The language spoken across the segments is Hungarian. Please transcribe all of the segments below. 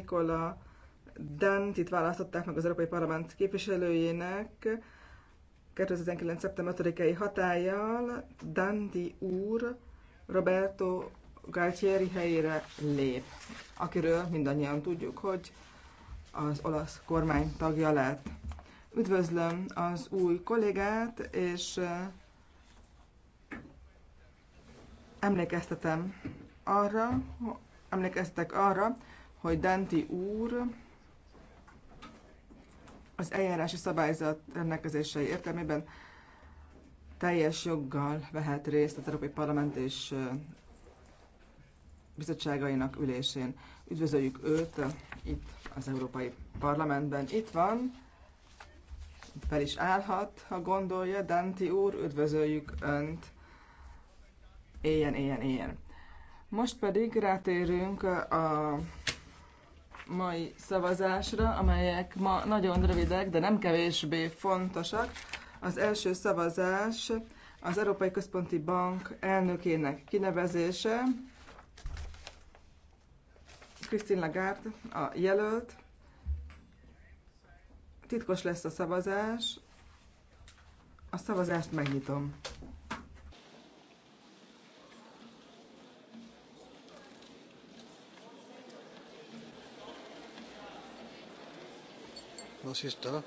Nikola Dent itt választották meg az Európai Parlament képviselőjének 2019. szeptember 5-i hatállyal Dandi úr Roberto Galtieri helyére lép, akiről mindannyian tudjuk, hogy az olasz kormány tagja lett. Üdvözlöm az új kollégát, és eh, emlékeztetem arra, emlékeztetek arra, hogy Danti úr az eljárási szabályzat rendelkezései értelmében teljes joggal vehet részt az Európai Parlament és bizottságainak ülésén. Üdvözöljük őt itt az Európai Parlamentben. Itt van, fel is állhat, ha gondolja, Danti úr, üdvözöljük Önt. Éljen, éljen, éljen. Most pedig rátérünk a mai szavazásra, amelyek ma nagyon rövidek, de nem kevésbé fontosak. Az első szavazás az Európai Központi Bank elnökének kinevezése. Christine Lagarde a jelölt. Titkos lesz a szavazás. A szavazást megnyitom. No, sí está.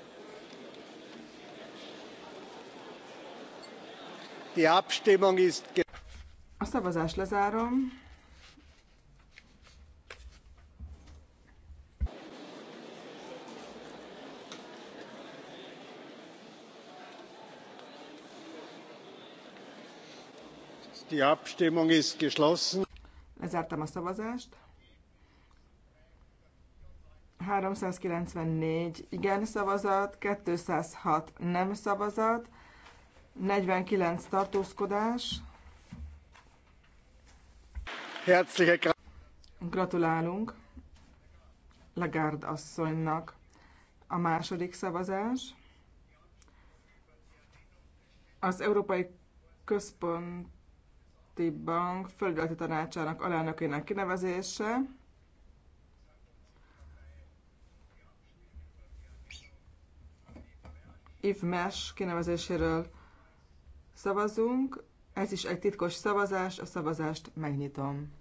Die Abstimmung ist a szavazás lezárom. Die Abstimmung ist geschlossen. Lezártam a szavazást. 394 igen szavazat, 206 nem szavazat, 49 tartózkodás. Gratulálunk Lagard asszonynak. A második szavazás. Az Európai Központi Bank Földületi Tanácsának alelnökének kinevezése. Yves más, kinevezéséről szavazunk. Ez is egy titkos szavazás, a szavazást megnyitom.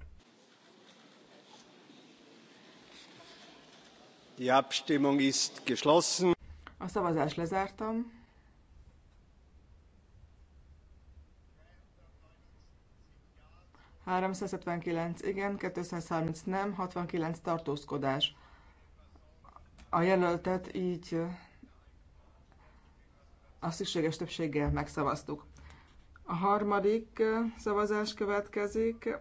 Die Abstimmung ist geschlossen. A szavazást lezártam. ...379 igen, 230 nem, 69 tartózkodás. A jelöltet így a szükséges többséggel megszavaztuk. A harmadik szavazás következik.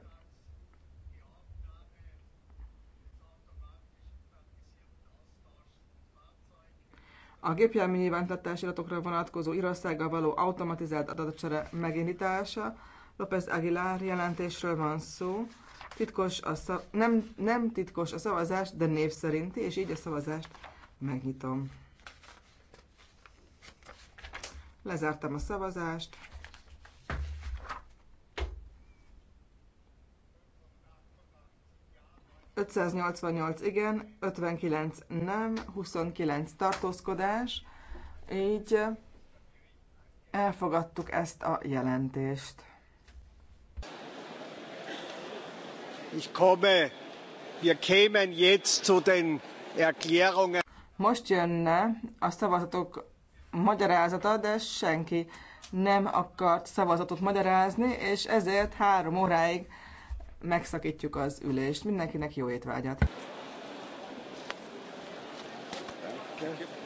A gépjármű nyilvántartási adatokra vonatkozó Irországgal való automatizált adatcsere megindítása. López Aguilar jelentésről van szó. Titkos a szav- nem, nem titkos a szavazás, de név szerinti, és így a szavazást megnyitom. Lezártam a szavazást. ...588 igen, 59 nem, 29 tartózkodás, így elfogadtuk ezt a jelentést. Ich komme, wir kämen jetzt zu den Erklärungen. Most jönne a szavazatok magyarázata, de senki nem akart szavazatot magyarázni, és ezért három óráig megszakítjuk az ülést. Mindenkinek jó étvágyat! Thank you.